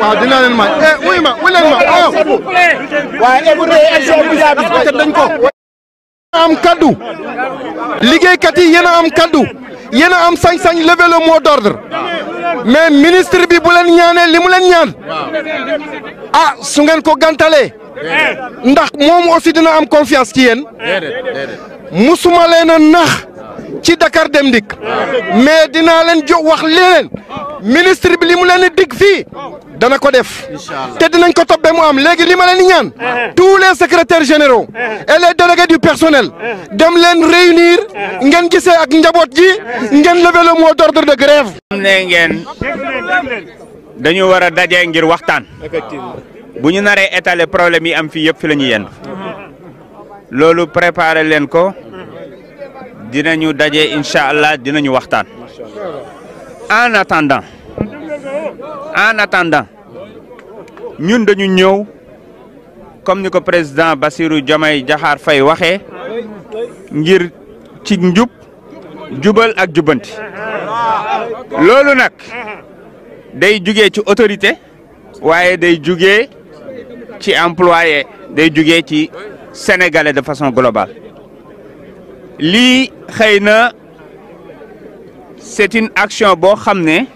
waaw dina leen may eh ma wuy leen ma waaw. Oh. waaye écouté eh, élection bu jaabi dañ ko. am kaddu. liggéeykat yi yéen a am kaddu. yéen a am sañ-sañ lever le d'ordre. mais ministre bi bu leen ñaanee li mu leen ñaan. ah su ngeen ko gantalee. ndax moom aussi dina am confiance ci yéen. musuma leen a nax. ci Dakar Dem Dikk mais dinaa leen jox wax leen ministre bi li mu leen di dig fii dana ko def dinañ ko eh, eh. tous les secrétaires généraux eh. et les délégués du personnel dem leen réunir lever le mot d'ordre de grève. dañu wara a ngir waxtaan bu étaler problème yi am fi yenn préparer leen ko dinañu en attendant en attendant ñun dañu ñëw comme ni ko président Bassirou Diomaye Diakhar Fay waxé ngir ci njub jubal ak djubanti loolu nak day jugee ci autorité wayé day jugee ci employé day jugee ci sénégalais de façon globale Li xeyna c'est une action bo xamné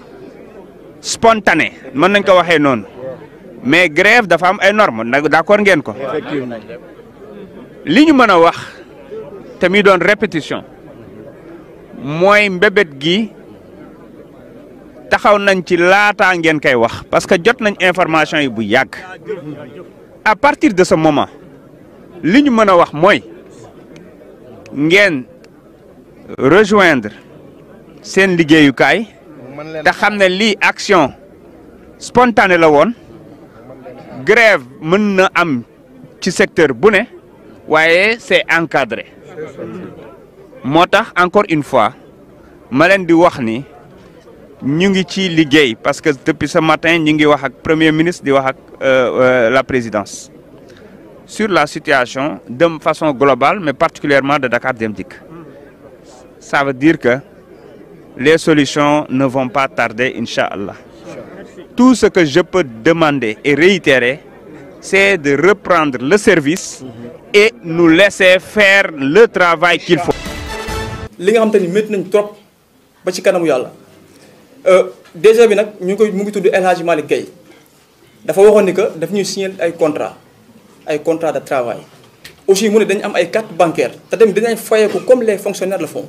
spontané mais nañ ko waxé non, mais grève dafa am ay normes d'accord ngén ko liñu mëna wax répétition moy mbébét gi taxaw nañ ci parce que jot nañ information à partir de ce moment liñu mëna wax rejoindre kay te xam ne action spontanée la grève mën un am ci secteur bu c'est encadré encore une fois Je vous di wax ni ñu ngi ci parce que depuis ce matin Nous ngi wax ak premier ministre di wax euh, euh, la présidence sur la situation de façon globale mais particulièrement de Dakar Dem ça veut dire que les solutions ne vont pas tarder, Inch'Allah. Tout ce que je peux demander et réitérer, c'est de reprendre le service et nous laisser faire le travail qu'il faut. li nga xam te ni métti de trop ba ci kanamu yàlla euh, DG bi nag ñu avons koy mu ngi tudd El Hadj Gueye un contrat, ni que nous ñuy signer ay contrat ay contrat de travail aussi nous avons dañ am ay carte bancaire de comme les fonctionnaires le font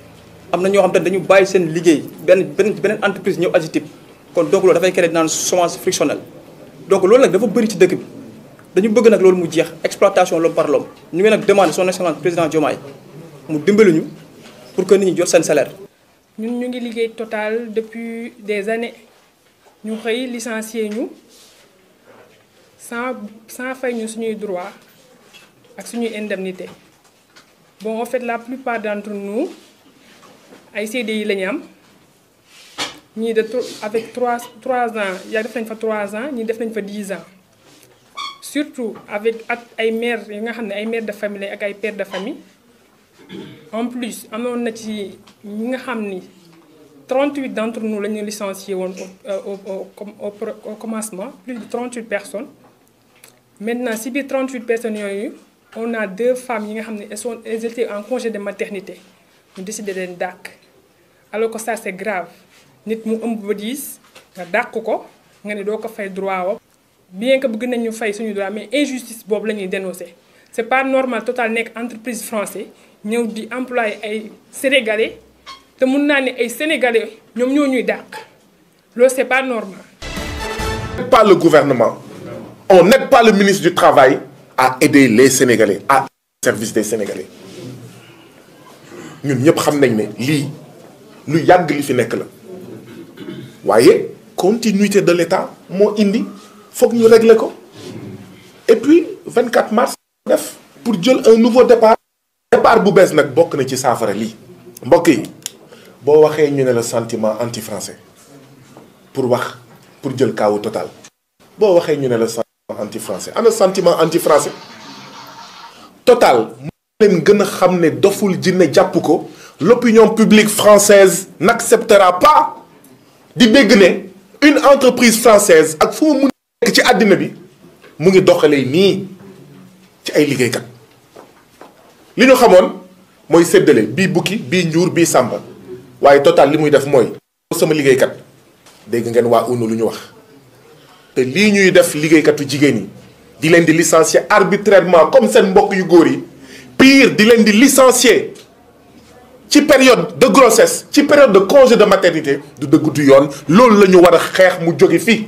amna na ñoo xam te dañu bàyyi seen liggéey benn benn beneen entreprise ñëw AGETIP kon donc loolu dafay créer naan chômage frictionnel donc loolu nag dafa bëri ci dëkk bi dañu bëgg nag loolu mu jeex exploitation l'homme par l'homme ñu ngi nag demande son excellence président Diomaye mu dimbali ñu pour que nit ñi jot seen salaire. ñun ñu ngi liggéey total depuis des années ñu xëy licencié ñu sans sans fay ñu suñuy droit ak suñuy indemnité bon en fait la plupart d'entre nous ay CDI la de avec 3 trois ans il def nañ fa trois ans ñii def nañ fa dix ans surtout avec les ay mères yi nga ay mères de famille ak ay pères de famille en plus amoon na ci nga 38 d'entre nous ont licencié au euh, au commencement plus de 38 personnes maintenant si 38 personnes yoyu on a deux femmes yi nga elles sont étaient en congé de maternité ñu décidé leen dac alors que ça c'est grave nit mu ëmb ba diis nga dàq ko nga ne doo ko fay droit bien que nous nañ ñu fay suñu droit mais injustice boobu la ñuy dénoncer c'est pas normal Total nekk entreprise français ñëw di employé ay sénégalais te mun naa ne ay sénégalais ñoom ñoo ñuy dàq loolu c'est pas normal. pas le gouvernement on n'aide pas le ministre du travail à aider les sénégalais à service des sénégalais ñun ñëpp xam nañ ne lii lu yàgg li fi nekk la waaye continuité de l'État moo indi foog ñu régler ko et puis 24 mars def pour jël un nouveau départ départ bu bees nag bokk na ci saafara lii mbokk yi boo waxee ñu ne la sentiment anti français pour wax pour jël kaawu total boo waxee ñu ne la sentiment anti français ana sentiment anti français total moo leen gën a xam ne doful jinne jàpp ko l'opinion publique française n'acceptera pas de dégg une entreprise française ak fu mu nekk ci àddina bi mu ngi doxalee nii ci ay liggéeykat li ñu xamoon mooy séddale bii bukki bii njuur bii sàmba waaye total li muy def mooy sama liggéeykat dégg ngeen waa UNU lu ñu wax te lii ñuy def liggéeykatu jigéen yi di di licencier arbitrairement comme seen mbokk yu góor pire di leen di licencier ci période de grossesse ci période de congé de maternité du dëgg du yoon loolu la ñu war a xeex mu jóge fii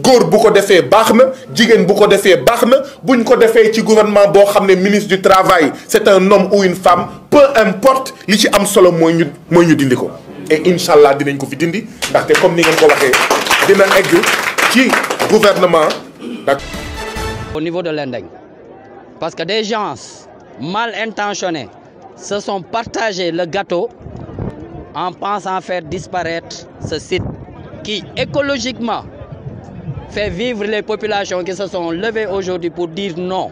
góor bu ko defee baax na jigéen bu ko defee baax na buñ ko defee ci gouvernement boo xam ne ministre du travail c'est un homme ou une femme peu importe li ci am solo mooy ñu mooy ñu dindi ko. et incha allah dinañ ko fi dindi ndaxte comme ni ngeen ko waxee dina egg ci gouvernement au niveau de l'Endeng parce que des gens mal intentionnés se sont partagés le gâteau en pensant faire disparaître ce site qui écologiquement fait vivre les populations qui se sont levées aujourd'hui pour dire non.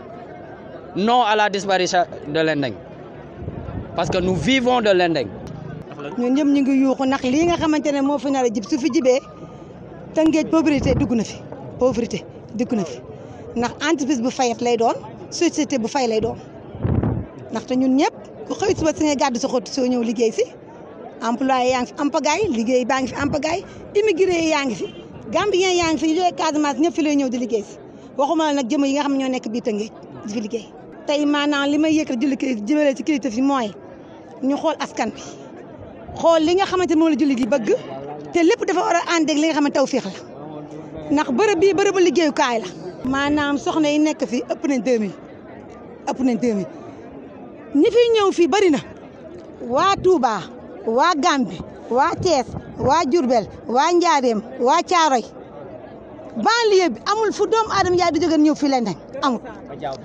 Non à la disparition de l'Endeng. Parce que nous vivons de l'Indeng. ñun ñëpp ñu ngi yuuxu ndax lii nga xamante ne moo fi nar a jib su fi pauvreté dugg fi pauvreté dugg na fi ndax entreprise bu fayet lay doon société bu fay lay doon ndaxte ñun bu xëy suba si nga gàddu sa xottu soo ñëw liggéey si employé yaa ngi fi am pagaay liggéey baa ngi fi am pagaay yaa ngi fi gee yaa ngi fi ñu Casamance ñëpp fi lay ñëw di liggéey si waxuma la nag jëm yi nga xam ne ñoo nekk biir Tëngéej di fi liggéey tey maanaam li may yëkkat julli jëmale ci kilifteef yi mooy ñu xool askan bi xool li nga xamante moom la julli di bëgg te lépp dafa war a ànd ak li nga xam ne tawféex la ndax bërëb bii bërëbu liggéeyukaay la maanaam soxna yi nekk fi ëpp nañ 2000 ëpp nañ 2000 ñi fi ñëw fii bari na waa Touba waa Gambi waa Thiès waa Diourbel waa Njaareem waa Caaroy banlieue bi amul fu doomu adam yaay di jógeen ñëw fii Lendeng amul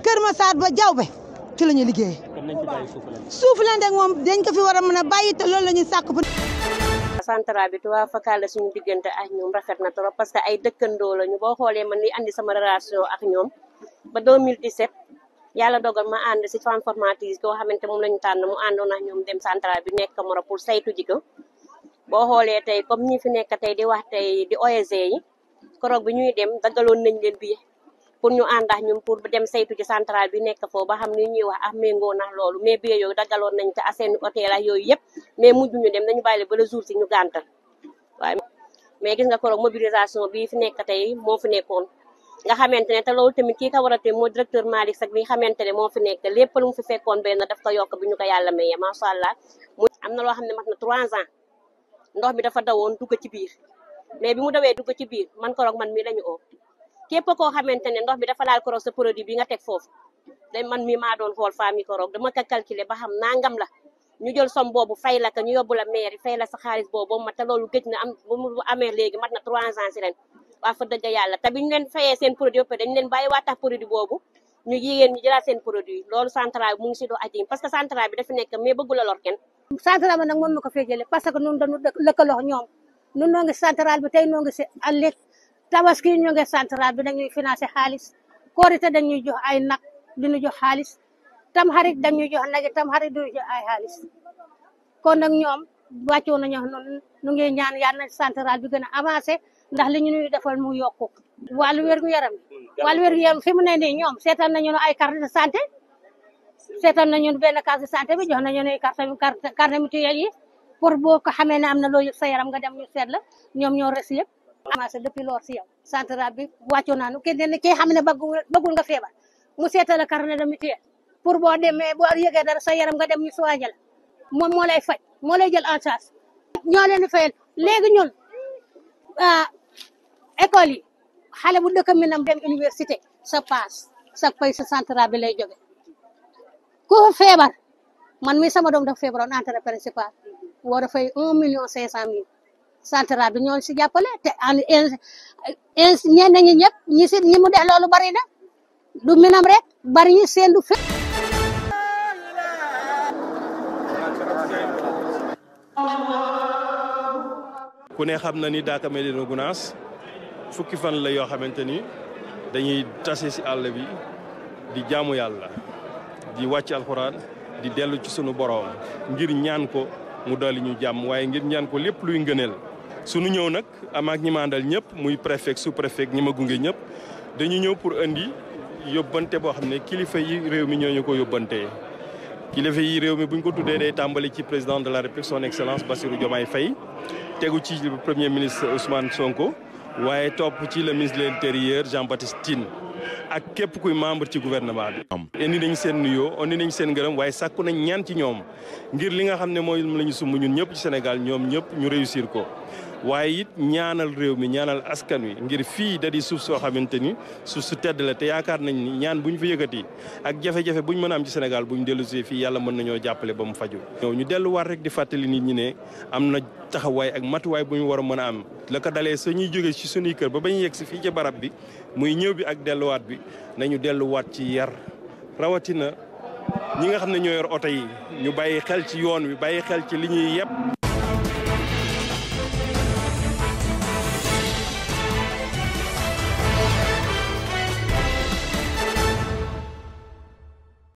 Kër Masaar ba Diawbe ci la ñuy liggéeyee suuf Lendeng moom dañ ko fi war a mën a bàyyi te loolu la ñuy sàkk central bi tuwaa fakala suñu diggante ak ñoom rafet na trop parce que ay dëkkandoo lañu boo xoolee man li andi sama relation ak ñoom ba 2017 yàlla dogal ma ànd si transformatrice koo xamante moom la ñu tànn mu àndoon ak ñoom dem central bi nekk Moro pour saytu ji ko boo xoolee tey comme ñi fi nekk tey di wax tey di OSG yi koroog bi ñuy dem daggaloon nañ leen bi pour ñu ànd ak ñun pour dem saytu ci central bi nekk foofu ba xam ni ñuy wax ah na loolu mais bi yooyu daggaloon nañ ko ak seen ak yooyu yëpp mais mujj ñu dem dañu bàyyi ba le jour si ñu gàntal waaye mais gis nga koroog mobilisation fi nekk tey moo fi nekkoon nga xamante ne te loolu tamit kii ka war moo directeur Malick Seck bi nga xamante ne moo fi nekk lépp lu mu fi fekkoon benn daf ko yokk bi ñu ko yàlla mayee macha allah mu am na loo xam ne mat na trois ans ndox mi dafa dawoon dugg ci biir mais bi mu dawee dugg ci biir man koroog man mii la ñu oo képp koo xamante ne ndox mi dafa laal koroog produit bi nga teg foofu da man mii maa doon xool faa mi koroog dama ko ba xam nangam la ñu jël som boobu fay la ka ñu yóbbu la mairie fay la sa xaalis boobu ma mu loolu gëj na am bu mu amee léegi mat na trois ans si ren wax fa dëgg yàlla te bi ñu leen fayee seen produit ba pare dañu leen bàyyi waatax produit boobu ñu jigéen ñu jëlaat seen produit loolu central bi mu ngi si doo ajim parce que central bi dafa nekk mais bëggul a lor kenn central bi nag mën nu ko fee jëlee parce que nun dañu lëkkaloo ñoom nun noo ngi central bi tey noo ngi si àllëg tabaski ñu ngi central bi dañuy financé xaalis korite dañuy jox ay nag diñu jox xaalis tam xarit dañuy jox nag tam xarit diñu jox ay xaalis kon nag ñoom wàccoo nañu noonu nu ngi ñaan yàlla na central bi gën a avancé ndax li ñu nuy defal mu yokku wàllu wér yaram wàllu wér-gu-yaram fi mu ne nii ñoom seetal nañu ne ay carte de santé seetal nañu ne benn carte de santé bi jox nañu ne carte carte mutuelle yi pour boo ko xamee ne am na loo yëg sa yaram nga dem ñu seet la ñoom ñoo res yëpp commencé depuis loor si yow central bi wàccoo naanu kenn ne kii xam ne bëggul nga feebar mu seetal la carte de mutuelle pour boo demee boo yëgee dara sa yaram ga dem ñu soigné la moom moo lay faj moo lay jël en charge ñoo leen di fayal léegi ñun ah, école yi xale bu dëkk mi nam dem université sa paas sa pay sa central bi lay joge ku feebar man mi sama doom dafa feebaroon entrée principal war a fay un million cinq cent mille central bi ñoo si jàppale te en in ñenn ñi ñëpp ñi si ñi mu def loolu bari na du minam rek bari ñi seen du fe ku ne xam na ni Daaka Médina Gounass fukki fan la yoo xamante ni dañuy tase ci àll bi di jaamu yàlla di wàcc alxuraan di dellu ci sunu boroom ngir ñaan ko mu dolli ñu jàmm waaye ngir ñaan ko lépp luy ngëneel. sunu ñëw nag amaak ñi ma ñëpp muy préfet sous préfet ñi ma gunge ñëpp dañu ñëw pour indi yóbbante boo xam ne kilifa yi réew mi ñoo ñu ko yóbbante. kilifa yi réew mi buñ ko tuddee day tàmbali ci président de la république son excellence Bassirou Diomaye Faye tegu ci premier ministre Ousmane Sonko. waaye topp ci le ministre de l'intérieur Jean-Baptiste Tine ak képp kuy membre ci gouvernement bi. indi nañ seen nuyoo indi nañ seen ngërëm waaye sàkku nañ ñaan ci ñoom ngir li nga xam ne mooy la ñu sumb ñun ñëpp ci Sénégal ñoom ñëpp ñu réussir ko. waaye it ñaanal réew mi ñaanal askan wi ngir fii da suuf soo xamante ni suuf su tedd la te yaakaar nañ ni ñaan bu ñu fa yëkkati ak jafe-jafe bu ñu mën a am ci Sénégal bu ñu dellusee fii yàlla mën nañoo jàppale ba mu faju ñu delluwaat rek di fàttali nit ñi ne am na taxawaay ak matuwaay bu ñu war a mën a am la dalee sa ñuy jóge ci sunuy kër ba bañ yegg si fii ci barab bi muy ñëw bi ak delluwaat bi nañu delluwaat ci yar rawatina ñi nga xam ne ñoo yor ñu bàyyi xel ci yoon wi bàyyi xel ci li ñuy yépp